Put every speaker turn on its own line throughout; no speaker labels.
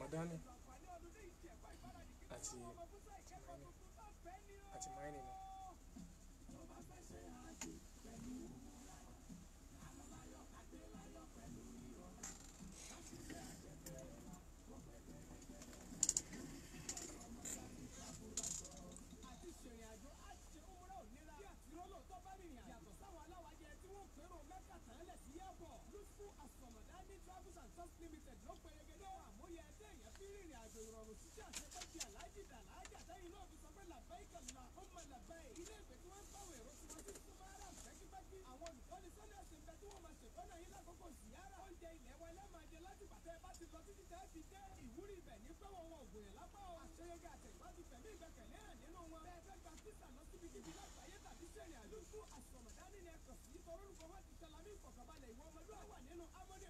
madani àti àti maini náà. travels and tours limited ló pẹrẹgẹdẹ àmúyẹ ẹdẹ èèyàn fi rìnrìn àjò ìrọ̀rùn títí àṣepẹ́jì aláàjì dàlájà tẹ́yìn náà fi sọ pé làbẹ́ ìkàlà ó mọ làbẹ́ ilé ìgbé tí wọ́n ń báwọn èrò tí wọ́n ti tún bá àwọn olùkọ́ni sọ́nà ẹ̀sìn bẹ tí wọ́n máa ṣèkọ́nà yín lákòókò ziyara oúnjẹ ilẹ̀ wọn lẹ́ẹ̀máa láti pàtẹ́ bá ti lọ títí tẹ́ dé ìwúrí ibẹ̀ ní pé wọn wọn ògùn yẹn lápá o àṣeyege àtẹ̀gbájú pẹ̀lú ìgbẹ́kẹ̀lé hàn nínú wọn bẹ́ẹ̀ fẹ́ gba sísà lọ síbikíbi lágbàáyé tàbí sẹ́rìn àlùkù àsọ̀mọ̀dání ni ẹ̀kọ́ sí torórúkọ wọn ti tẹlamí ìfọ̀kànbalẹ̀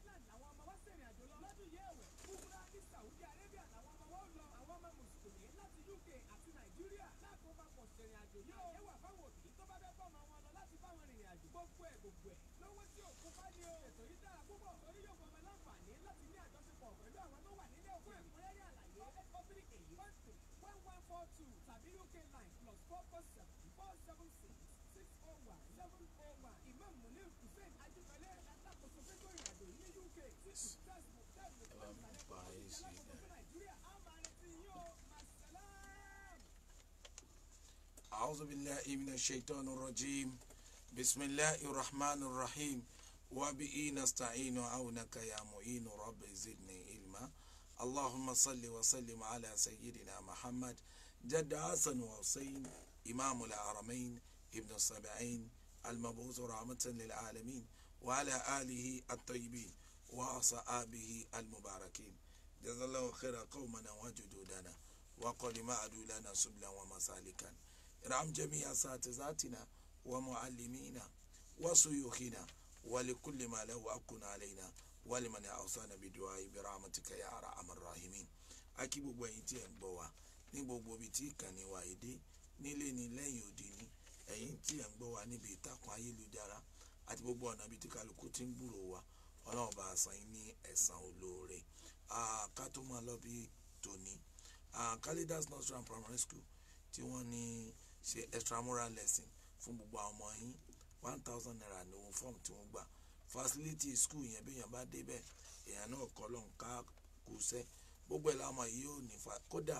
scotland làwọn ọmọ wa ṣèrìn àjò lọ lọ́dún yìí ẹ̀wẹ̀ umra ní saudi arabia làwọn ọmọ wa ó lọ àwọn ọmọ mùsùlùmí láti uk àti nàìjíríà lákòópapọ̀ ṣèrìn àjò yìí ó wà fáwọn òbí tó bá fẹ́ bọ́mọ wọn lọ láti báwọn rìnrìn àjò gbogbo ẹ̀ gbogbo ẹ̀ lówó tí ò kópa ní o ètò yìí dára púpọ̀ torí yóò fọmọ láǹfààní láti ní àjọṣepọ̀ pẹ̀lú àwọn tó wà nílé òkú ẹ̀kúnrẹ́rẹ́ àlàyé ọ̀bírí èyí one two one one four two tàbí uk line plus four four seven four seven six six oh one seven oh one imam munir hussein ajibale
أعوذ بالله من الشيطان الرجيم بسم الله الرحمن الرحيم وبئي نستعين عونك يا معين رب زدني علما اللهم صل وسلم على سيدنا محمد جد حسن وحسين إمام العرمين ابن السبعين المبعوث رحمة للعالمين وعلى آله الطيبين وأصحابه المباركين جزا الله خيرا قومنا وجدودنا وقل ما أدو لنا سبلا ومسالكا ارحم جميع اساتذتنا ومعلمينا وشيوخنا ولكل ما له حق علينا ولمن أوصانا بدعاء برحمتك يا أرحم الراحمين akí gbogbo ẹ̀yin tí ẹ ń gbọ́ wa ní gbogbo ibi tí ìkànnì wa yìí dé nílé ni lẹ́yìn òde ni ẹ̀yin tí ẹ ń gbọ́ wa níbi ìtàkùn ayélujára àti gbogbo ọ̀nà ibi tí kálukú ti ń gbúrò wa ọlọ́run bá a san yín ní ẹ̀san olóore ká tó máa lọ bí tòní Kalidas nursery primary school tí wọ́n ní ṣe extramural lesson fún gbogbo àwọn ọmọ yín one thousand naira ní ohun fọ́ọ̀mù tí wọ́n gbà facility school yẹn bí èèyàn bá débẹ̀ èèyàn náà kọ́ lọ́hùn ká kù sẹ́ gbogbo ẹ̀ láwọn yìí yóò ní fa kódà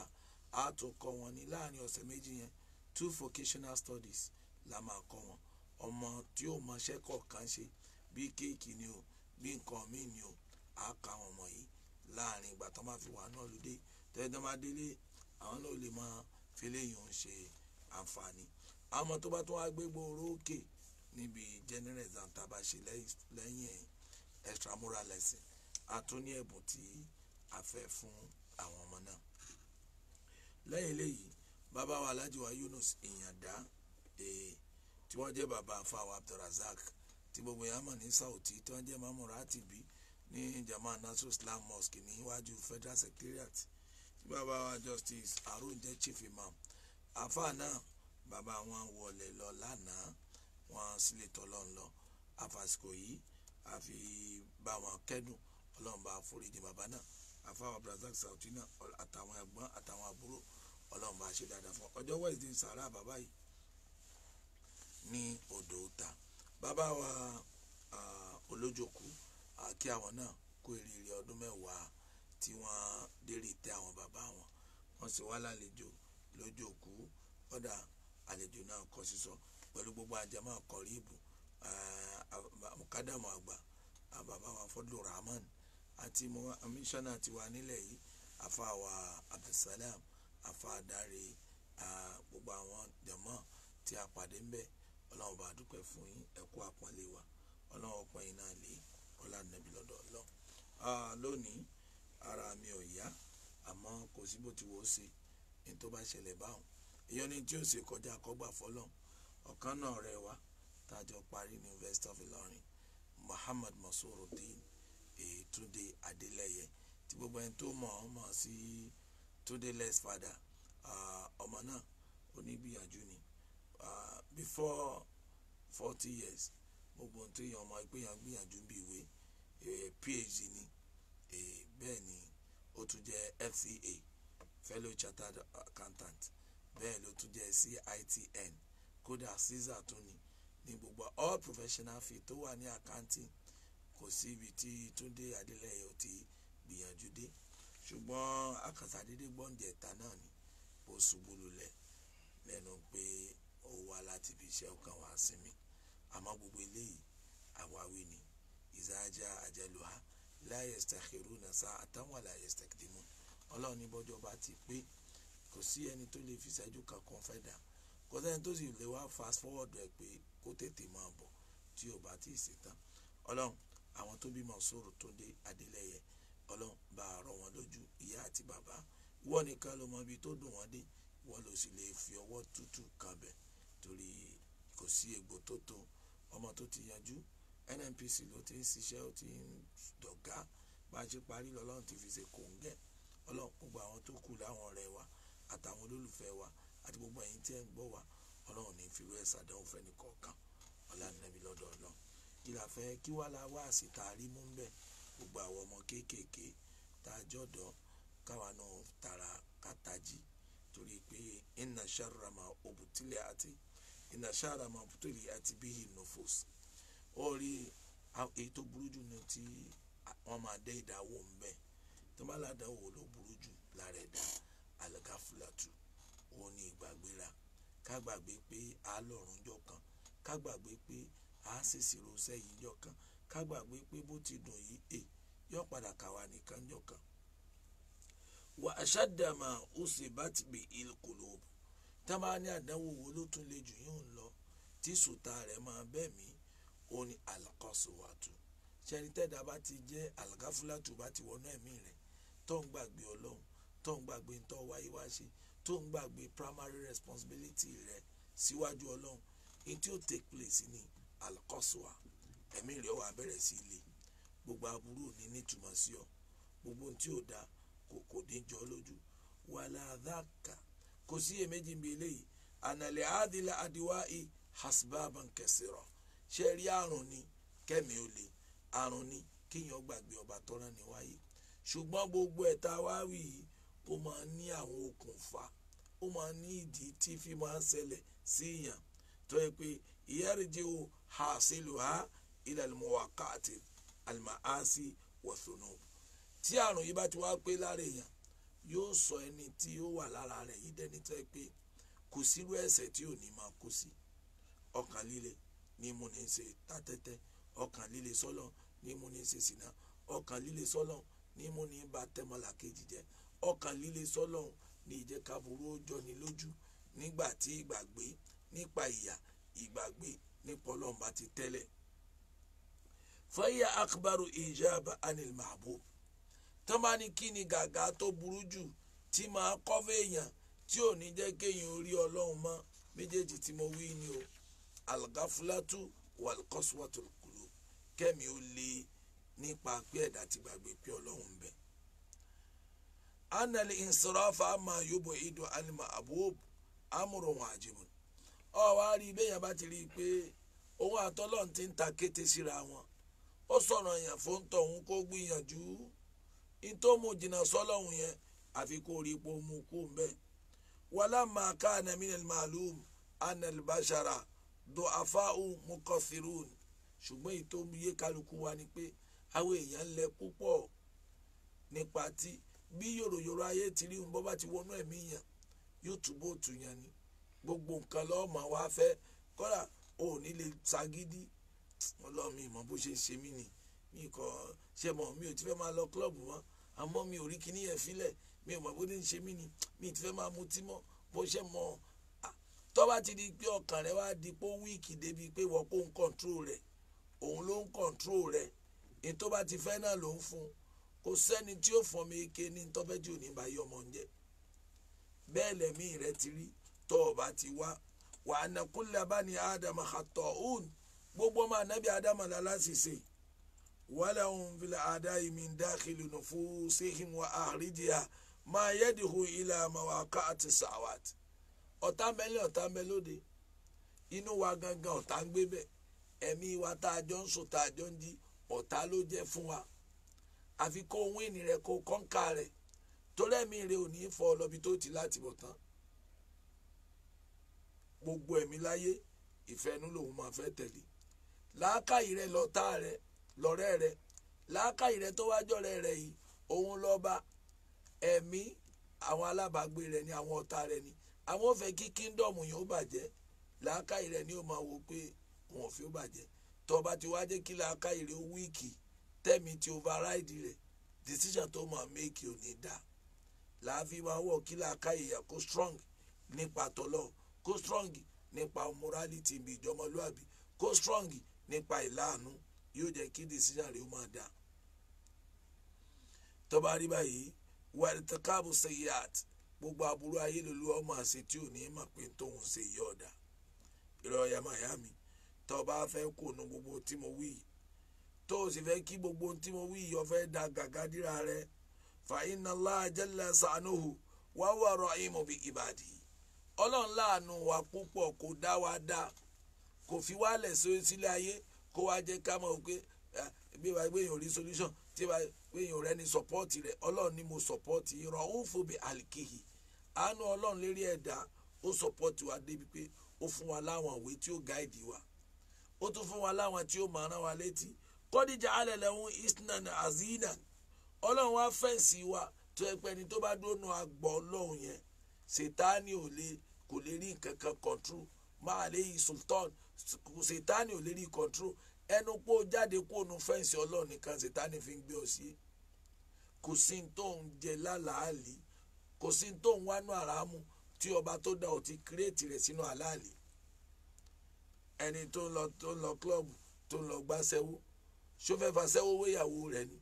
a tún kọ́ wọn ni láàrin ọ̀sẹ̀ méjì yẹn two vocational studies la máa kọ́ wọn ọmọ tí ó mọ iṣẹ́ kọ̀ọ̀kan ṣe bí kéèkì ni o bí nǹkan míì ni o á ka àwọn ọmọ yìí láàrin ìgbà tó máa fi wà náà lóde tẹ́tẹ́ máa délé àwọn náà lè máa fi léyìn òun ṣe àǹfààní àwọn tó bá tún wá gbé gbòòrò níbi general exam tá ṣe lẹ́yìn extramural lesson a tún ní ẹ̀bùn tí a fẹ́ fún àwọn ọmọ náà lẹ́yìn eléyìí bàbá wa Alhaji wa Yunus Ìyàndá èè. Eh, tí wọ́n jẹ́ bàbá fáwọn Abdulrasaq tí gbogbo yẹn mọ̀ ní Saudi tí wọ́n jẹ́ mamu ratibi ní jama Nasrul Islam Mosque níwájú Federal Secretariat tí bàbá wa Justice Harun jẹ́ chief imam àfa náà bàbá wọn wọlé lọ lánàá wọn sílẹ̀ tọ́lọ́ ńlọ àfàsìkò yìí àfi bá wọn kẹ́dùn ọlọ́run bá foríjì bàbá náà àfa Abdulrasaq Saudi náà àtàwọn ẹ̀gbọ́n àtàwọn àbúrò ọlọ́run bá ṣe dáadáa fún ọjọ́ Wednesday sàrà bàbá yìí ní odò ta bàbá wa olójokú àkí àwọn náà kó ìrírí ọdún mẹ́wàá tí wọ́n dérè tẹ àwọn bàbá wọn wọ́n sì wá lálejò lójokú kọ́dà àlejò náà kọ́ sísọ pẹ̀lú gbogbo àjẹmọ́ àkọ́rí ìbò mukadamu àgbà bàbá wa Fọdùn Rahman àti mísánà tiwa nílẹ̀ yìí afa wa Abdulsalam afa adarí gbogbo àwọn jẹmọ́ tí a pàdé ń bẹ́ẹ̀ ọlọ́run bá dúpẹ́ fún yín ẹ kú àpọ́nlé wa ọlọ́run ọpọ́n yín náà lé ọlá nàbí lọ́dọ̀ ọlọ́ lónìí ara mi ò yá àmọ́ kò sí bó ti wò ó ṣe ní tó bá ṣẹlẹ̀ báwọn èyí ni tí ó ṣe kọjá kọ́gbà fọlọ́ ọ̀kan náà rẹ̀ wá tájọ parí ní University of Ilorin Muhammad Masurudeen Ètúndé Adélẹ́yẹ tí gbogbo ẹni tó mọ̀ ọ́ mọ̀ sí Tunde less father ọmọ náà onígbìyànjú ni before forty years gbogbo ohun tó yàn ọmọ ẹgbẹ́ yàn gbìyànjú bí ìwé eh, phd ni eh, bẹ́ẹ̀ ni ó tún jẹ́ fca fellow chartered accountant bẹ́ẹ̀ ló tún jẹ́ citn kódà cisa tó ni ní gbogbo all professional fee tó wà ní accounting kò sí ibi tí túndé adélẹ́yẹ ó ti gbìyànjú dé ṣùgbọ́n akàtàdédé gbọ́ǹjẹ̀ta náà ni kò ṣubú lulẹ̀ lẹ́nu pé ó wá láti fi iṣẹ́ ọkàn wá sinmi àmọ́ gbogbo eléyìí àwáwí ni ìzájá àjẹlùhá láyé stakhiru nasa àtàwọn àlàyé stakdimu ọlọ́run ní bọ́jọ́ bá ti pé kò sí ẹni tó lè fi ṣáájú kankan fẹ́ dà kò sẹ́ni tó sì lè wá fast forward rẹ̀ pé kó tètè máa bọ̀ tí ò bá ti ṣetán ọlọ́run àwọn tó bí Mọ̀nsúrù tó dé Adélẹ́yẹ ọlọ́run bá a rọ wọn lójú ìyá àti bàbá ìwọ nìkan ló mọ ibi tó dùn wọn dé ìwọ ló sì lè fi ọwọ́ tútù kan bẹ̀ torí kò sí egbò tó tó ọmọ tó ti yanjú NNPC ló ti ń ṣiṣẹ́ ó ti ń dọ̀gá bá a ṣe parí lọ́lọ́run ti fi ṣe kòńgẹ́ ọlọ́run gbogbo àwọn tó kù láwọn ọ̀rẹ́ wa àtàwọn olólùfẹ́ wa àti gbogbo ẹ̀yin tí ẹ̀ ń gbọ́ wa ọlọ́run ní fìlú ẹ̀ sàdánwò fẹ́ni kọ̀ọ̀kan ọ̀làǹdàbí lọ́dọ̀ ọlọ́run kí la fẹ́ kí wá la wá sí tá a rí mú gbogbo àwọn ọmọ kéékèèké tá a jọ̀dọ̀ káwa náà tara kátají torí pé inna sharra ma òbútílẹ̀ àti iná sára máa pùtòlì àti bíi nofos ó rí èyí tó burú jù ní tí wọ́n máa dé ìdáwó ń tó bá ládàáwò ló burú jù lára ẹ̀dá àlàkàfùlàtù òun ni ìgbàgbéra ká gbàgbé pé a lọ́rùn jọ kan ká gbàgbé pé a ṣèṣì rosẹ́ yìí jọ kan ká gbàgbé pé bó ti dùn yìí è yọ padà kàwa nìkan jọ kan. wà ṣàdàmà ó sì bá ti bè ilkùlùbù tá a bá ní àdánwò wo ló tún lè jù yín lọ tí sùtà rẹ̀ máa bẹ́ẹ̀ mí ó ní àlàkọ́sọ̀wàtú ṣẹ́ni tẹ́dá bá ti jẹ́ àlàkáfúlàtù bá ti wọnú ẹ̀mí rẹ̀ tó ń gbàgbé ọlọ́run tó ń gbàgbé ń tọ́ wáyé wá ṣe tó ń gbàgbé primary responsibility rẹ̀ síwájú ọlọ́run in tí ó take place ní àlàkọ́sọ̀wà ẹ̀mí rẹ̀ wà bẹ̀rẹ̀ sí ilé gbogbo aburú ní nítumọ̀ sí ọ gbogbo ohun tí ò dáa kò kò ní jọ lójú wàlàdàkà kò sí èméjì ń bi eléyìí ànàlẹ́ àdìlà àdìwáì hasbaban kẹsìrọ̀ ṣe rí àrùn ni kẹ́mi ò lè àrùn ni kíyàn gbàgbé ọba tó rán ni wáyé ṣùgbọ́n gbogbo ẹ̀ tá a wá wì yìí ó máa ní àwọn okùnfà ó máa ní ìdí tí fi máa ń ṣẹlẹ̀ sí èèyàn tó yẹ pé ìyẹ́rìndì o ha sílùú ha ilẹ̀ àlùmọ̀wá káàtì àlùmọ̀ á sí tí àrùn yìí bá ti wá pé lára èèyàn yóò sọ ẹni tí ó wà lára rẹ̀ yìí dẹni tó ẹ pé kò sírú ẹ̀ṣẹ̀ tí ò ní máa kó sí ọkàn líle ní mo ní ṣe tatẹ́tẹ́ ọkàn líle sọ́lọ̀ ní mo ní ṣe sìnà ọkàn líle sọ́lọ̀ ní mo ní ba tẹ́mọ̀lá kejì jẹ́ ọkàn líle sọ́lọ̀ ní ìjẹ́ kaburú ó jọni lójú nígbà tí ìgbàgbé nípa ìyà ìgbàgbé nípa ọlọ́run ti tẹ́lẹ̀ fẹ́yà akbaru ijaba anil mahbub tán bá ní kí ni gàgà tó burú jù tí máa kọ́fẹ́ èèyàn tí ò ní jẹ́ kéèyàn orí ọlọ́run mọ́ méjèèjì tí mo wí ni o algafulatu walkoswatul qulub kẹ́mi ó lé nípa pé ẹ̀dá ti gbàgbé pé ọlọ́run ń anali insirafa ama yobo idu alima abub amuru wọn àjìmù ọ wá rí i bẹ́yàn bá ti rí i pé òun àtọ́lọ́run ti ń ta kété síra wọn ó sọ̀rọ̀ yàn fóńtọ̀ òun kó gbìyànjú nítorí mo jìnnà sọ́lọ́hún yẹn àfi kó rí ipò mu kú mbẹ́ wàlá máa ká anamínal màlúù anàlbàṣàrà do afáhù mukọ́sirún ṣùgbọ́n ìtòmíyé kálukú wa ni pé àwọn èèyàn lẹ púpọ̀ nípa tí bí yòròyòrò ayé ti rí bó bá ti wọnú ẹ̀mí yàn yóò túbọ̀ tù yàn ni gbogbo nǹkan lọ́ọ̀mọ̀ wá fẹ́ kọ́ra ò lè ṣagídí ọlọ́mìn mọ́ bó ṣe ń ṣe mí nìyí mi kọ ṣe mọ mi ò ti fẹ́ máa lọ klọ́ọ̀bù mọ́ àmọ́ mi ò rí kíní yẹn fílẹ̀ mi ò mọ̀ bó ní ṣe mí ni mi ti fẹ́ máa mutí mọ́ bó ṣe mọ́ tó bá ti di pé ọkàn rẹ wá di pé wíìkì débi pé wọ́n kó ń kọ̀ǹtró rẹ̀ òun ló ń kọ̀ǹtró rẹ̀ èyí tó bá ti fẹ́ náà ló ń fún kò sẹ́ni tí ó fọ́n mi ké ní tọ́fẹ́jú ní bá yọmọ oúnjẹ bẹ́ẹ̀ lẹ́mí rẹ ti rí tó o ti wá wàhánà kúlẹ̀ bá ní ádámà gbogbo ọmọ ànábì ádámà lálásìsẹ́ ولهم في الأعداء من داخل نفوسهم وأخرجها ما يده إلى مواقعة السعوات ọ̀tá mẹ́lẹ̀ ọ̀tá mẹ́lódé inú wa gangan ọ̀tá ń gbé bẹ́ẹ̀ ẹ̀mí wa tá a jọ ń sùn tá a jọ ń jí ọ̀tá ló jẹ́ fún wa àfi kó ohun ìní rẹ kó kọ́ńkà rẹ torí ẹ̀mí rẹ ò ní fọ ọlọ́bi tó ti láti bọ̀ tán gbogbo ẹ̀mí láyé ìfẹ́nu lòun máa fẹ́ tẹ̀lé làákàyè rẹ lọ́tá rẹ lọ́rẹ́ rẹ làákàyè rẹ tó wájọ́ rẹ rẹ yìí òun lọ́ba ẹ̀mí àwọn alábàágbé rẹ ni àwọn ọ̀tá rẹ ni àwọn ò fẹ́ kí kíndọ̀mù yìí ó bàjẹ́ làákàyè rẹ ni ó máa wò pé wọn ò fi ó bàjẹ́ tọba ti wá kí làákàyè rẹ ó wíìkì tẹ́mi ti override rẹ decision tó máa make ò ní dáa làáfi máa wọ̀ kí làákàyè yà kó strong nípa tọ́lọ́ kó strong nípa morality ibi ìjọmọlúàbí kó strong nípa ìlànà yóò jẹ́ kí decision o ma máa dà tó rí báyìí gbogbo aburú ayélujú ọmọ àṣẹ tí ò ní mà pé tóun ṣe yí ọ̀dà ìrọ̀ ọ̀yà miami tó fẹ́ kó gbogbo tí mo wí tó o sì fẹ́ gbogbo tí mo wí da gàgádìrà rẹ fa inna Allah jalla sànúhù wa huwa ọlọ́run láàánú wa púpọ̀ kò dá wa dá kò kó wá jẹ́ ká mọ̀ pé bí wàá gbé yàn rí solution tí wàá gbé yàn rẹ ní support rẹ ọlọ́run ni mo support irọ́ ó fò bí alikihi àánú ọlọ́run lérí ẹ̀dá ó support wa débi pé ó fún wa láwọn ìwé tí ó guide wa ó tún fún wa láwọn tí ó máa rán wa létí kọ́díjà alẹ́ lẹ́hún isnan azina ọlọ́run wá fẹ́ǹsì wa tó ẹ pẹ́ni tó bá dónú agbọ̀ ọlọ́run yẹn sètáni ò lè kò lè rí nǹkan kan control máa lè yí sultan sètánì ò lè rí control ẹnu pé ó jáde kó nu fẹ́ǹsì ọlọ́run nìkan sètánì fi ń gbé ọ sí kò sí tó ń jẹ lálàálì kò sí tó ń wánú àràmù tí ọba tó dá ọ ti kírètì rẹ̀ sínú àlàálì ẹni tó ń lọ tó ń lọ klọ́ọ̀bù tó ń lọ gbàṣẹ́wó ṣó fẹ́ fa wéyàwó rẹ̀ ni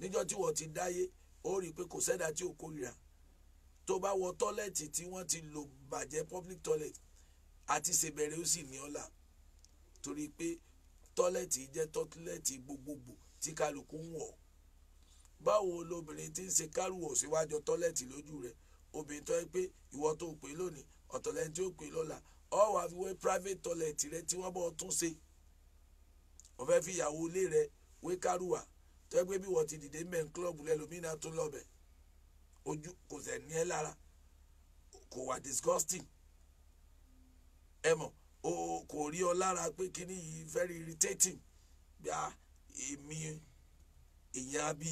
níjọ́ tí wọ́n ti dáyé ó rí i pé kò sẹ́dá tí ò kórìíra tó bá wọ tọ́lẹ̀tì tí wọ́n ti lò bàjẹ́ public toilet àti ṣèbẹ̀rẹ̀ ó sì ní ọ̀la torí pé tọ́lẹ̀tì jẹ́ tọ́lẹ̀tì gbogbogbò tí kálukú ń wọ̀ báwo lobìnrin ti ń ṣe kárùwọ̀ síwájú tọ́lẹ̀tì lójú rẹ̀ obìnrin tó yẹ pé ìwọ tó pè lónìí ọ̀tọ̀lẹ́ni ó pè lọ́la ọ wà fi wé private toilet rẹ tí wọ́n bọ́ tún ṣe ọ̀fẹ́ fi ìyàwó ilé rẹ wé kárùwà tó yẹ pé bí wọ́n ti dìde mẹ́ club lẹ́lòmínà tó lọ́bẹ̀ ojú kò sẹ̀ ní ẹ́ lára kò wà disgusting ẹ mọ̀ o kò rí ọ lára pé kíní yìí very irritating bí a èmi èèyàn bí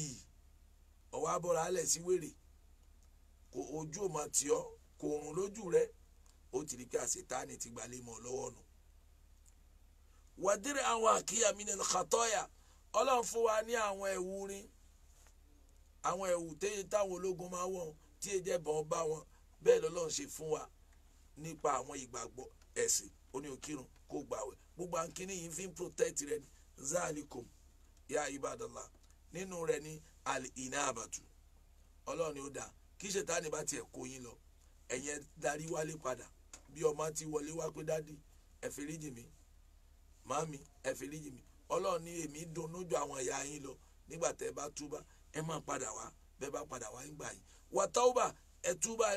ọwọ́ abọ́ra alẹ̀ sí wèrè kò ojú ò máa tì ọ́ kò rùn lójú rẹ ó ti rí pé àṣetáni ti gbalẹ̀ mọ́ lọ́wọ́ nù. wàdírí àwọn àkíyà mi nínú kàtọ́yà ọlọ́run fún wa ní àwọn ẹ̀wù rin àwọn ẹ̀wù téye táwọn ológun máa wọ̀ tí èdè bọ̀ bá wọn bẹ́ẹ̀ lọ́lọ́run ṣe fún wa nípa àwọn ìgbàgbọ́ ẹ̀sìn ó ní òkírun kó gbàwẹ̀ gbogbo àǹkíní yìí fi ń protect rẹ ní zalikum ya ibadallah nínú rẹ ní al-inabatu ọlọ́run ni ó dáa kí ṣètánì bá tiẹ̀ kó yín lọ ẹ̀yin ẹ darí wálé padà bí ọmọ ti wọlé wá pé dádì ẹ foríjì mi màámi ẹ foríjì mi ọlọ́run ní èmi dunnú ju àwọn ìyá yín lọ nígbà tẹ́ ẹ bá túbà ẹ máa padà wá bẹ́ẹ̀ bá padà wá nígbà yìí wà tauba ẹ túbà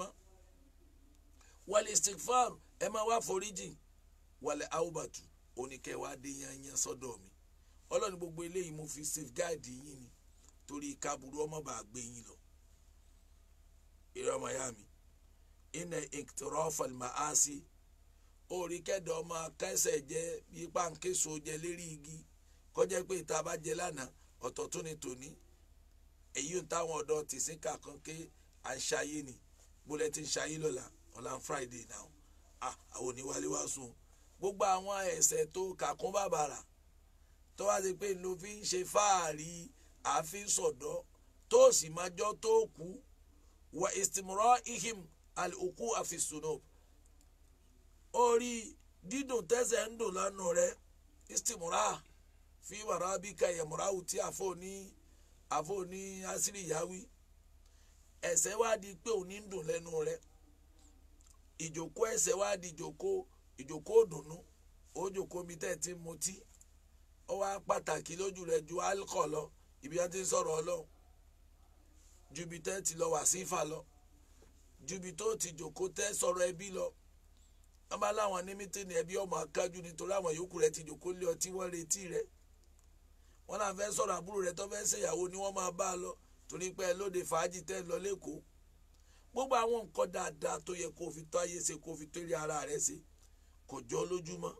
mọ́ wal istighfar ẹ máa wá foríjì wàlẹ̀ aubatu oníkẹwàá adéyanyan sọ́dọ̀ mi ọlọ́run gbogbo eléyìí mo fi safeguard yín ni torí kábùrú ọmọ bá gbé yín lọ ìrẹ́ ọmọ ya mi iná ìtọ́rọ́fà màásì orí kẹ́dà ọmọ kẹsẹ̀ jẹ́ yípa nkéso jẹ lérí igi kọjá pé ìta bá jẹ lánàá ọ̀tọ̀ tó ni tòní èyí ń táwọn ọ̀dọ́ tìsín kàkan ké à ń ṣayé ni bólẹ́tì ń ṣayé lọ́la ọ̀la friday náà. Ah, àwọn oníwálé wá sùn gbogbo àwọn ẹ̀ṣẹ̀ tó kàkún bàbàrà tó wá ti pé ló fi ń ṣe fáàrí àfin sọ̀dọ́ tó sì máa jọ́ tó kú wà ìsìmọ̀rọ̀ ihim àlùkù àfisùnà orí dídùn tẹ́sẹ̀ ń dùn lánàá rẹ ìsìmọ̀rọ̀ fi wàrà bí ka ìyẹ̀mọ̀rọ̀ àwùtí àfọ̀ ní àfọ̀ ní asírí ìyáwí ẹ̀ṣẹ̀ wá di pé òní ń dùn lẹ́nu rẹ ìjòkó ẹsẹ̀ wá di ìjòkó ìjòkó òdùnnú ó jòkó mi tẹ́ ti mutí ó wá pàtàkì lójú rẹ̀ ju alkọ lọ ibi tẹ́ ti ń sọ̀rọ̀ ọlọ́run ju ibi tẹ́ ti lọ wà sífà lọ ju ibi tó ti jòkó tẹ́ sọ̀rọ̀ ẹbí lọ wọ́n bá láwọn ní mítìnì ẹbí ọmọ akájú nítorí àwọn yòókù rẹ̀ ti jòkó lé ọtí wọ́n retí rẹ̀ wọ́n náà fẹ́ sọ̀rọ̀ àbúrò rẹ̀ tó fẹ́ ṣèyàwó ni wọ́n máa bá a lọ torí pé ẹ lóde fàájì tẹ́ lọ lẹ́kọ̀ọ́ gbogbo àwọn nǹkan dáadáa tó yẹ kó fi tó ayé ṣe kó fi tó ilé ara rẹ ṣe kò jọ lójúmọ́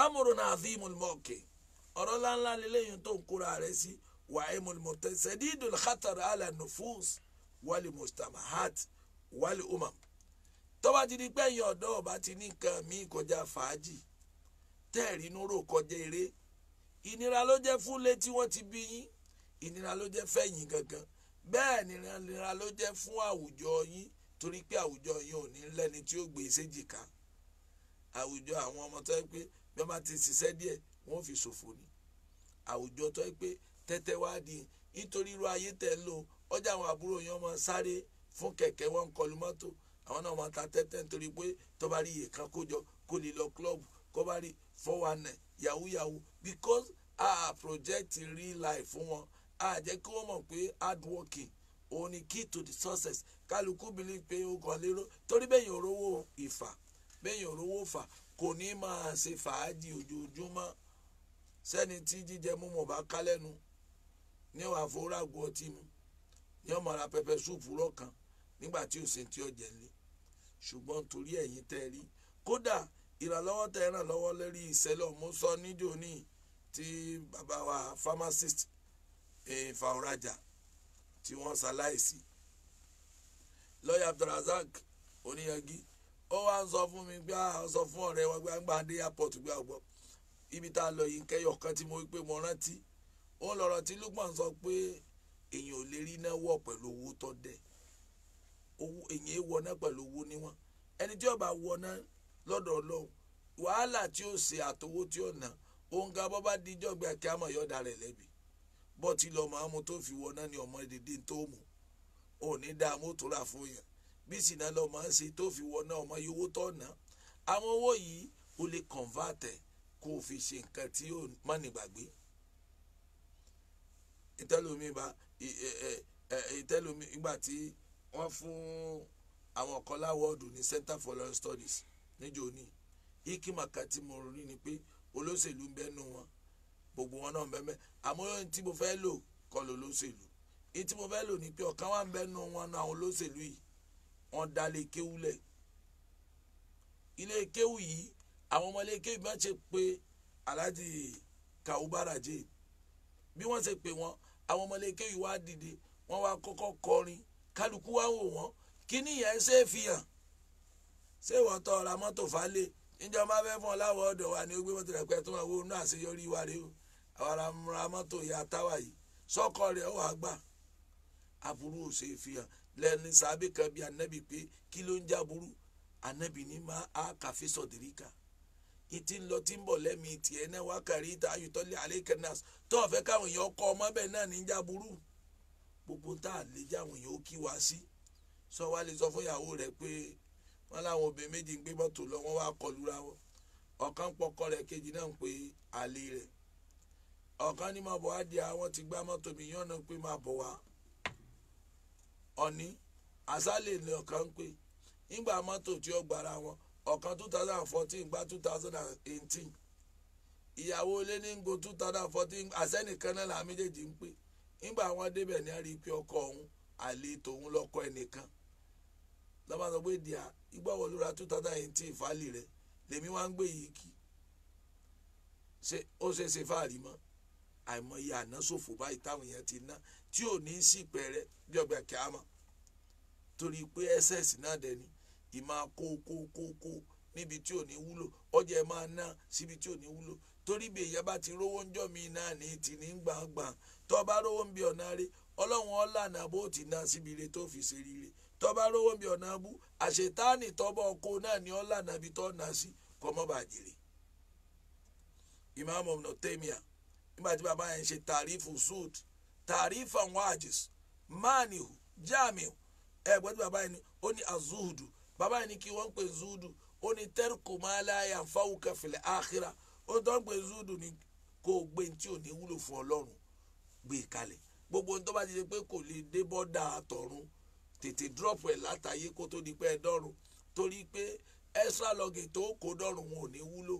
amòrò náà fi ìmọ̀lùmọ̀ọ̀kẹ́ ọ̀rọ̀ ńláńlá lélẹ́yìn tó ń kóra rẹ sí wà ìmọ̀lùmọ̀tẹ́ sẹ́dídùn kátàrà àlà nufus wàlì mustamahat wàlì umam tọ́ba ti di pẹ́yìn ọ̀dọ́ ọba ti ní nǹkan míì kọjá fàájì tẹ́ẹ̀rí inú rò kọjá eré ìnira ló jẹ́ fún bẹ́ẹ̀ nìranìra ló jẹ́ fún àwùjọ yín torí pé àwùjọ yín ò ní lẹ́ni tí ó gbé ìṣèjìká àwùjọ àwọn ọmọ tó yẹ pé bí wọ́n bá ti ṣiṣẹ́ díẹ̀ wọ́n fi ṣòfò ni àwùjọ tó yẹ pé tẹ́tẹ́ wá di nítorí irú ayé tẹ̀ ń lò ọjà àwọn àbúrò yẹn máa sáré fún kẹ̀kẹ́ wọn kọlu mọ́tò àwọn náà máa ta tẹ́tẹ́ nítorí pé tó bá rí iye kan kójọ kó lè lọ kílọ̀bù kó bá rí four one nine yahoo yahoo because a project real life fún wọn a jẹ́ kí wọ́n mọ̀ pé hard working òun ni key to the success kálukú believe pé ó kàn lérò torí bẹ́yìn òrówó ìfà bẹ́yìn òrówó fà kò ní máa ṣe fàájì ojoojúmọ́ sẹ́ni tí jíjẹ mú mọ̀ bá ká lẹ́nu ní wàá fowóràgù ọtí mu ní ọmọ ara pẹpẹ súùpù lọ́kàn nígbà tí òsè tí ọjẹ́ ń lé ṣùgbọ́n torí ẹ̀yin tẹ́ rí kódà ìrànlọ́wọ́ tẹ́ ràn lọ́wọ́ lórí ìṣẹ́lẹ̀ ọ̀mú sọ nídìí òní tí bàbá wa pharmacist ìfàwọ́rajà tí wọ́n ṣaláìsí lọ́ọ̀yà abdulrasaq oníyangi ó wá ń sọ fún mi gbá sọ fún ọ̀rẹ́ wọn gbàgbà dé airport gbà gbọ́ ibi tá a lọ yìí kẹyọ kan tí mo wí pé mo rántí ó lọ́rọ̀ tí lukman sọ pé èèyàn ò lè rí iná wọ̀ pẹ̀lú owó tó dẹ̀ èèyàn èèwọ̀ náà ẹni tí ọba náà lọ́dọ̀ ọlọ́run wàhálà tí ó ṣe tí ó bọ́ọ̀tì lọ́mọ àmú tó fi wọná ni ọmọ dèdè tó mú òní dáa mọ́tò rà fún yẹn bí sinna lọ́mọ ń ṣe tó fi wọná ọmọ yìí owó tó ná àwọn owó yìí ó lè kọ̀ǹfàtẹ̀ kó o fi ṣe nǹkan tí ó má nígbàgbé ìtẹ́lómi bá ìtẹ́lómi ìgbà tí wọ́n fún àwọn ọ̀kọ́lá wọ́ọ̀dù ní Center for Learning Studies níjọ́ ní ikimaka tí mo rí ni pé olóṣèlú ń bẹ́nu wọn gbogbo wọn náà bẹ́ẹ̀ àmúyọ́ tí mo fẹ́ lò kọ́ ló lóṣèlú èyí tí mo fẹ́ lò ní pé ọ̀kan wà ń bẹ́nu wọn náà àwọn olóṣèlú yìí wọ́n dalé kéwú lẹ̀ ilé kéwú yìí àwọn ọmọ ilé kéwú bá ṣe pé aláàjì kàwúbára bí wọ́n ṣe pé wọ́n àwọn ọmọ ilé kéwú wá dìde wọ́n wá kọ́kọ́ kọrin kálukú wá wò wọ́n kíní yẹn ṣe é fi ṣé ìwọ tọ ọ̀ra mọ́tò fálẹ̀ níjọba fẹ́ fún ọ láwọ̀ ọ̀dọ̀ wa ni ó gbé mọ́tò rẹ̀ pẹ́ tó máa wo inú àṣeyọrí wa rèé o àwọn ará mọ́tò ìyá táwa yìí sọ́kọ rẹ̀ ó wà gbà aburú ò ṣe fi hàn lẹ́ni sábẹ́ kan bí anabi pé kí ló ń jáburú anabi ní máa á kàfé sọ̀dẹ̀ríkà ìtì ń lọ tí ń bọ̀ lẹ́mi ìtì ẹ̀ náà wá kàrí ìta ayùtọ́lẹ̀ alẹ́kẹ́nàs tó ọ̀fẹ́ káwọn èèyàn kọ́ ọmọ bẹ́ẹ̀ náà ní jáburú gbogbo tá a lè jẹ́ àwọn èèyàn ó kí wá sí sọ wá lè sọ fún ìyàwó rẹ̀ pé wọ́n láwọn obìnrin méjì ń gbé mọ́tò lọ wọ́n wá kọlura wọn ọ̀kan pọkọ rẹ̀ kejì náà ń pe àlè rẹ̀ ọ̀kan ní máa bọ̀ wá di àwọn ti gbá mọ́tò mi yànnà pé máa bọ̀ wá ọ̀ní àṣálẹ̀ ni ọ̀kan ń pè nígbà mọ́tò tí ó gbára wọn ọ̀kan two thousand and fourteen gba two thousand and eighteen ìyàwó ilé ní ngo two thousand and fourteen àṣẹ́nìkan náà làá méjèèjì ń pè nígbà wọn débẹ̀ ní àrí pé ọkọ ọ̀hún àlè tòun lọ́kọ ẹnìkan lọ́ba pé dìá igbá wo ló ra two thousand and eighteen fálì rẹ̀ lèmi wá ń gbé yìí kì ṣe ó ṣe ṣe fáàrí mọ́ àìmọye ànásòfò báyìí táwọn èèyàn ti ná tí ò ní í sí ìpẹrẹ bí ọgbà kíámà torí pé ss náà dẹni ìmọ̀ kó níbi tí ò ní wúlò ọjà ẹ máa ná síbi tí ò ní torí bí èèyàn bá ti rówó mi náà ní ti ní gbàngbà tó bá rówó ń bí ọ̀nà ọlọ́run bó ti ná síbi tó fi ṣe rire tó bá rówó ń bí ọ̀nà bú tọ́bọ̀ nígbà tí bàbá yẹn ń ṣe tàrífù sud tàrífù àwọn àjùs mánihu jamiu ẹgbẹ́ tí bàbá yẹn ní ó ní azuhudu bàbá yẹn ní kí wọ́n pè zuhudu ó ní tẹ́rùkù máa láyà fáwọn kẹfìlẹ̀ àkírà ó tó ń pè zuhudu ní kó o gbé tí ò ní wúlò fún ọlọ́run gbé e kalẹ̀ gbogbo tó bá ti di pé kò lè dé bọ́dà àtọ̀run tètè dúrọ̀pù ẹ̀ látàyè kó tó di pé ẹ dọ́run torí pé extra lọ́gìn tó kó dọ́run wọn ò ní wúlò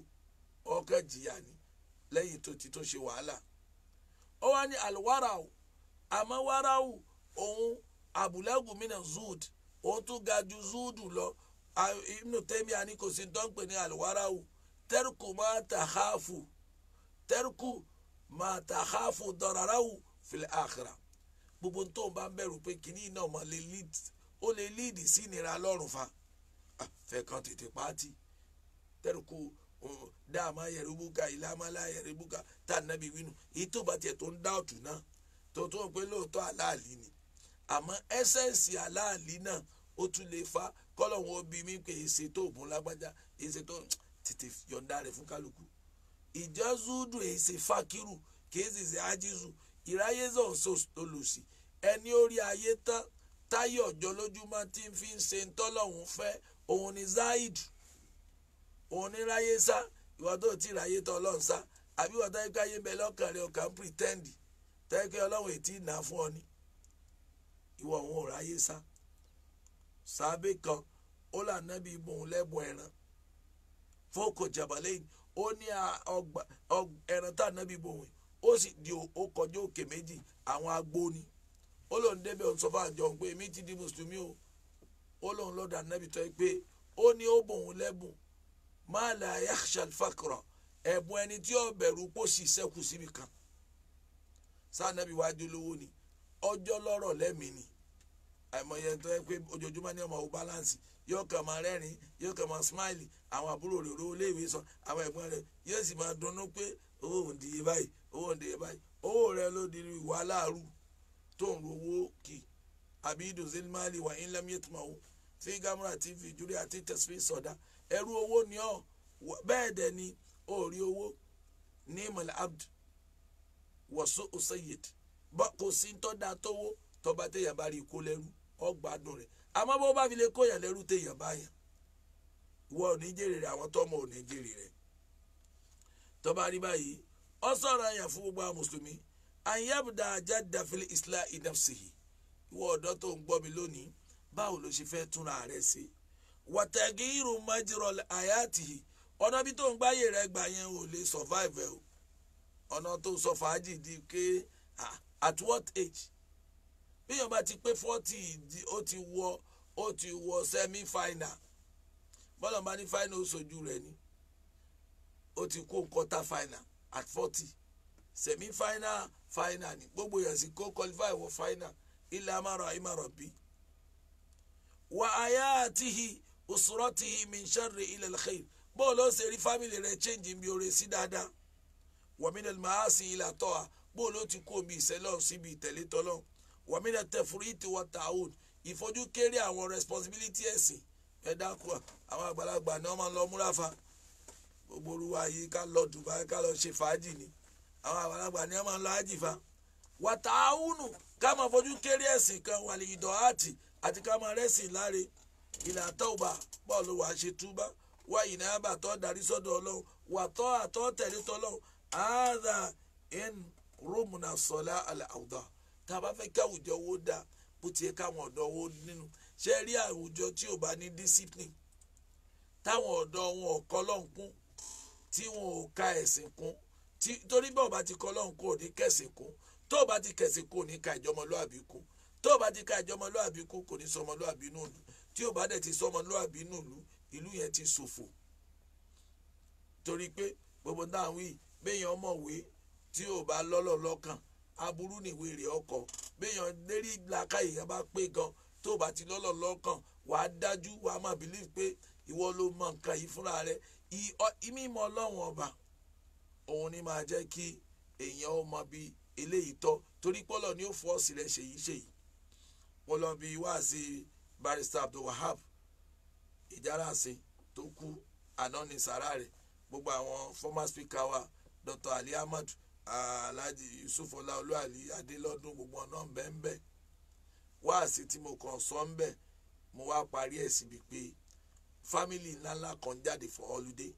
ọkẹ́ jìyà ni lẹ́yìn tó ti tó ṣe wàhálà ó wá ní alwarau àmọ́ warau òun abulagu mina zud òun tún ga ju zudu lọ Ibn Taymiyyah ni kò sí dọ́ǹpẹ̀ ní alwarau tẹ́rùkù máa tàháfù tẹ́rùkù máa tàháfù dọ̀rọ̀ráwù fil akhirah gbogbo tó ń bá ń bẹ̀rù pé kínní náà mọ̀ lè lead ó lè lead sí ìnira lọ́rùn fa ah, fẹ́ kan tètè pàtì tẹ́rùkù dáàmà yẹrìbùkà ìlàmàlà yẹrìbùkà tá nàbí wínú èyí tó bá tiẹ̀ tó ń dá ọ̀tún náà tó tó pé lóòótọ́ aláàlí ni àmọ́ ẹ́sẹ̀nsì aláàlí náà ó tún lè fa kọ́lọ́hún obi mi pé èsè tó ògùn lágbájá èsè tó tètè yọ̀ǹda rẹ̀ fún kálukú ìjọ zúdù èsè fakiru kèésì ṣe ájísù ìráyézọ̀ olùsì ẹni orí ayé tán táyọ̀ ọjọ́ lójúmọ́ tí ń fi ń ṣe ń tọ́lọ́hún fẹ́ òun ni zaidu oníráyé iwato ìwọ tó ti ráyé tọ ọlọ́run sá àbí ìwọ táyé káyé ń bẹ lọ́kàn rẹ ọ̀kà ń pretend táyé pé ọlọ́run fún ọ ni kan ó là nábì ibùn lẹ́bùn ẹran fókò jàbálẹ́yìn ó ní ẹran tá ó sì di méjì àwọn agbóni ó fún àjọ pé èmi ti di mùsùlùmí o ó lóun tọ́ pé ó ní ó máa la yakhshal fakra ẹ̀bùn ẹni tí ó bẹ̀rù pò sí sẹ́kù síbi kan sànàbí wàá di olówó ni ọjọ́ lọ́rọ̀ lẹ́mìí ni àìmọye tó yẹ pé ojoojúmọ́ ni ọmọ ò balance yóò kàn máa rẹ́rìn yóò kàn máa smile àwọn àbúrò rẹ̀ owó léèwé sọ àwọn ẹ̀gbọ́n rẹ̀ yóò sì máa dunnú pé owó òun dìye báyìí owó òun dìye báyìí owó rẹ̀ ló di ìwà aláàrú tó ń rówó kì àbí dùn mali wà ń lẹ́mìí tó máa wò fi gamura tv júlẹ̀ àti tẹ̀sífì sọ̀dá ẹrú owó ni ọ bẹ́ẹ̀ dẹ̀ ni ó rí owó ní mọ̀lẹ́ abd wọ̀sọ ọ̀sẹ̀yẹd bọ́ kò sí ń tọ́da tọba téèyàn bá rí kó lẹ́rú ọgbàdùn rẹ̀ àmọ́ bó bá fi lè kóyàn lẹ́rú téèyàn bá yàn ìwọ àwọn tọ́mọ ò tọba rí báyìí ọ sọ̀rọ̀ fún gbogbo àwọn mùsùlùmí àyẹ̀bùdà àjàdà fil islam inafsihi ìwọ ọ̀dọ́ tó ń gbọ́ mi lónìí báwo ló ṣe fẹ́ túnra rẹ̀ wàtẹ́gìrù mẹ́jìrọ̀ àyàtì ọ̀nà bí tó ń gbáyé rẹ̀ gbà yẹn ò lè survive o ọ̀nà tó sọ fàájì di ké at what age bíyàn bá ti pé forty ó ti wọ ó ti wọ semi final bọ́lá bá ní final ó sojú rẹ̀ ni ó ti kó quarter final at forty semi final final ni gbogbo yẹn sì kó qualify wọ final ilé amárọ̀ ayé márọ̀ bíi wà áyá àtìhì usuratihi min sharri ila alkhair bóòlù ó ṣe rí fámìlì rẹ̀ change bí oore sí dáadáa wàmínà màásì ilà tọ́a bóòlù ó ti kú omi ìṣẹ́lọ̀ síbi ìtẹ̀lé tọ́lọ́ wàmínà tẹ̀fúrìtì wà tààwùn ìfojúkéré àwọn responsibility ẹ̀sìn ẹ̀dákù àwọn àgbàlagbà ni wọ́n máa ń lọ múra fa gbogbo olúwa yìí ká lọ Dubai ká lọ ṣe fàájì ni àwọn àgbàlagbà ni wọ́n máa ń lọ ájì fa wà ká máa fojú kéré ẹ̀sìn kan wàlẹ̀ ìdọ̀ àti àti ká máa rẹ́sìn láre ìlà tọ́ọ̀bà bọ́ọ̀lù wàá ṣe túbá wá ìní àbà tó darí sọ́dọ̀ ọlọ́run wà tọ́ àtọ́ tẹ̀lé tọ́lọ́run àádà in rómùnà sọ̀lá àlẹ́ àwùdá tá a bá fẹ́ kí àwùjọ owó dà bó ti yẹ káwọn ọ̀dọ́ owó nínú ṣe rí àwùjọ tí ò bá ní discipline táwọn ọ̀dọ́ wọn ò kọ́ lọ́hùn kún tí wọn ò ka ẹ̀sìn kún torí bá ọba ti kọ́ lọ́hùn kún ò ní kẹ̀sìn kún tó ọba ti kẹ̀sìn kún ò ní ka ìjọmọlúàbí kún tó ọba ti ka ìjọmọlúàbí kún kò ní sọmọlúàbí nù dùn tí ó bá dẹ̀ ti sọmọlúwàbí nùlú ìlú yẹn ti ṣòfò torí pé gbogbo dáhùn yìí béèyàn mọ̀wé tí ò bá lọ́lọ́ lọ́kàn aburú nìwé rẹ̀ ọkọ̀ béèyàn lérí làákà èèyàn bá pé gan tó bá ti lọ́lọ́ lọ́kàn wàá dájú wàá máa believe pé ìwọ ló mọ nǹkan yìí fúnra rẹ mímọ̀ Ọlọ́run ọba òun ni máa jẹ́ kí èèyàn ó mọ bí eléyìí tọ́ torí pọ́lọ̀ ni ó fọ́ sílẹ̀ ṣèyí ṣèyí pọ́lọ̀ bíi wáàsí barista abdulwahab ìjárasin tó kú anoni sarare sàrà rẹ̀ gbogbo àwọn former speaker wa dr ali ahmad alhaji yusuf ọláolú ali adélọ́dún gbogbo ọ̀nà bẹ́ẹ̀nbẹ́ẹ́ wáàsí tí mo kàn sọ ń bẹ̀ mo wá parí ẹ̀ síbi pé fámìlì ńláńlá kan jáde for holiday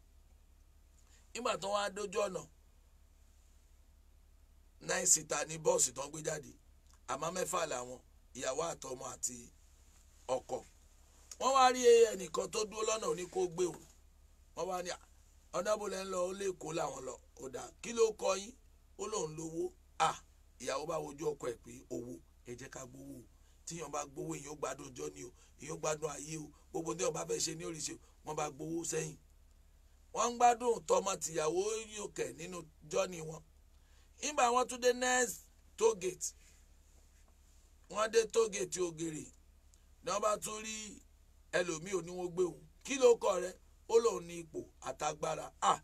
nígbà tó wá dójú ọ̀nà náà síta ní bọ́ọ̀sì tó ń gbé jáde àmọ́ mẹ́fà làwọn ìyàwó àtọmọ àti ọkọ̀ wọ́n wá rí ẹnìkan tó dúró lọ́nà òní kó gbé o wọ́n wá ní ọ̀dàbọ̀lẹ̀ ń lọ ó lè kó làwọn lọ ó dà kí ló kọ yín ó lóun lówó à ìyàwó bá wojú ọkọ ẹ̀ pé owó ẹ jẹ́ ká gbowó tíyan bá gbowó èèyàn gbádùn ọjọ́ ni o èèyàn gbádùn ayé o gbogbo tí wọ́n bá fẹ́ ṣe ní òrìṣẹ́ wọ́n bá gbowó sẹ́yìn wọ́n ń gbádùn tọmọ tìyàwó yòókè nínú jọ́ni wọn nígbà wọn tún dé next toll gate wọ́n dé toll gate ògèrè ní wọ́n bá tún rí ẹlòmíì oníwọ́n gbé òun kí ló kọ rẹ ó lòun ní ipò àtagbára à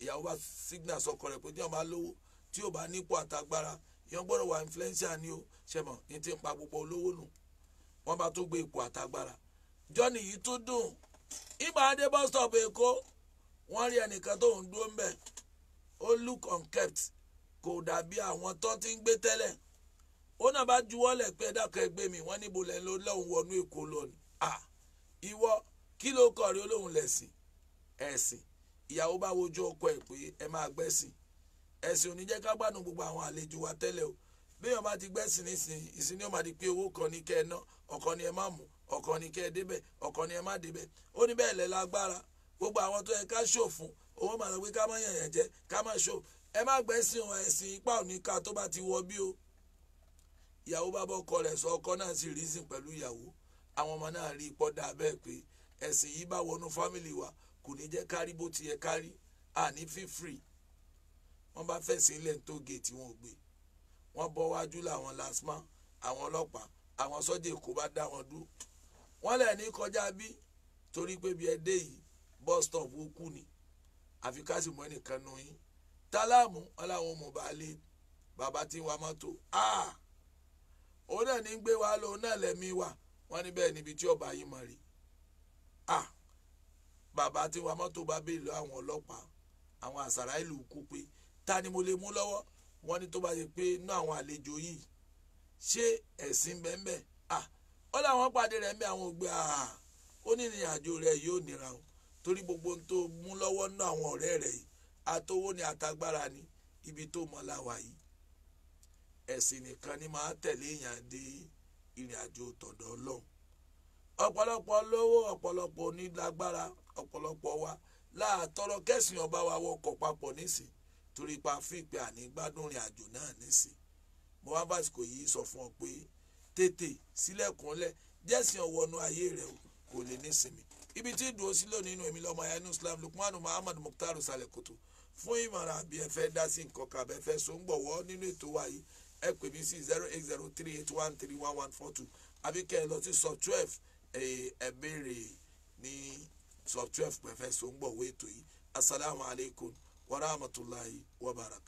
ìyàwó bá signal sọkọ rẹ pé tí wọ́n bá lówó tí ò bá nípò àtagbára yẹn gbọ́dọ̀ wà influencer ni o ṣẹmọ ní ti ń pa gbogbo olówó nù wọ́n bá tún gbé ipò àtagbára johnny yìí tún dùn ibà adé bus stop èkó wọ́n rí ẹnìkan tó ń dúró ń bẹ̀ ó look unkept kò dàbí àwọn tó ti ń gbé tẹ́lẹ̀ ó náà bá juwọ́lẹ̀ pé dákẹ́ gbé mi wọ́n níbo lẹ́nu ló lọ́hùn wọnú èkó lónìí à ìwọ kí ló kọ̀ rí olóhùn lẹ̀sìn ẹ̀sìn ìyàwó bá wojú ọkọ ẹ̀ pé ẹ máa gbẹ́sìn ẹ̀sìn ò jẹ́ ká gbádùn gbogbo àwọn àlejò wa tẹ́lẹ̀ o béèyàn bá ti gbẹ́sìn nísìnyí ìsinmi ó máa di pé owó kan ní kẹ́ ẹ ná ọ̀kan ni ẹ má mú ọ̀kan ní kẹ́ ẹ débẹ̀ ọ̀kan ni ẹ má débẹ̀ ó ní bẹ́ẹ̀ lẹ́ lágbára gbogbo àwọn tó yẹ ká ṣò fún owó màlúwí ká má yẹ̀yẹ̀ jẹ́ ká má ṣò ẹ má gbẹ́sìn ẹ̀sìn ipá òníka tó bá ti wọ bí o ìyàwó bá bọ́kọ rẹ̀ sọ ọkọ náà sì rí sìn pẹ̀lú ìyàwó àwọn ọmọ náà rí ipò dáa bẹ́ẹ̀ pé ẹ̀sìn yìí bá wọnú fámìlì wa kò ní jẹ́ kárí bó ti yẹ kárí àní fífìrì wọ́n bá fẹ̀sìn ilẹ̀ tó géètì wọn ò gbé wọ́n bọ́ wájú làwọn lasma àwọn ọlọ́pàá àwọn sọ́jà èkó bá dá wọn dúró wọ́n lẹ̀ ní kọjá bí torí pé bí ẹ dé yìí bus stop ó kú ni àfi ká sì mọ ẹnìkan nù yín tálámù ọláwọn mọ̀ bá lé bàbá tí ń mọ́tò Ah! òun náà ní gbé wa lòun náà lẹ́mí wa wọ́n ní bẹ́ẹ̀ níbi tí ọba yìí mọ̀ rí ah bàbá tí wa mọ́tò bá bèèrè lọ àwọn ọlọ́pàá àwọn àṣàrà ìlú kú pé ta ni mo lè mú lọ́wọ́ wọ́n ní tó bá yẹ pé inú àwọn àlejò yìí ṣé ẹ̀sìn bẹ́ẹ̀ ah ó láwọn pàdé rẹ̀ ń bẹ àwọn ògbé ah ó ní ìrìn àjò rẹ̀ yóò nira o torí gbogbo tó mú lọ́wọ́ ná àwọn ọ̀rẹ́ rẹ̀ yìí àtowó ni àtagbára ni ibi tó mọ̀ la wà yìí ẹ̀sìn nìkan ni máa tẹ̀lé èèyàn dé ìrìn àjò tọ̀dọ̀ ọlọ́run ọ̀pọ̀lọpọ̀ lówó ọ̀pọ̀lọpọ̀ onílágbára ọ̀pọ̀lọpọ̀ wa láàtọ̀rọ̀ kẹ́sìn ọba wa wọkọ̀ papọ̀ nísìn torí pa fíìpé àní gbádùn ìrìn àjò náà nísìn mo wá bàsìkò yìí sọ fún ọ pé tètè sílẹ̀kùnlẹ̀ jẹ́sìn ọ̀wọ́nú ayé rẹ o kò lè nísinmi ibi tí ìdúró sí lónìí inú èmi lọ́mọ ayánú Islam Lukmanu Muhammad Mukhtar Salekoto fún ìmọ̀ràn àbí ẹ fẹ́ dá sí nǹkan kàbẹ́ fẹ́ so ń gbọ̀wọ́ nínú ètò wa ẹ̀pẹ̀bísí zero eight zero three eight one three one one four two àbíkẹ́ ẹ̀ lọ sí sub twelve ẹ̀ asalaamualeykum wa rahmatulahi
wa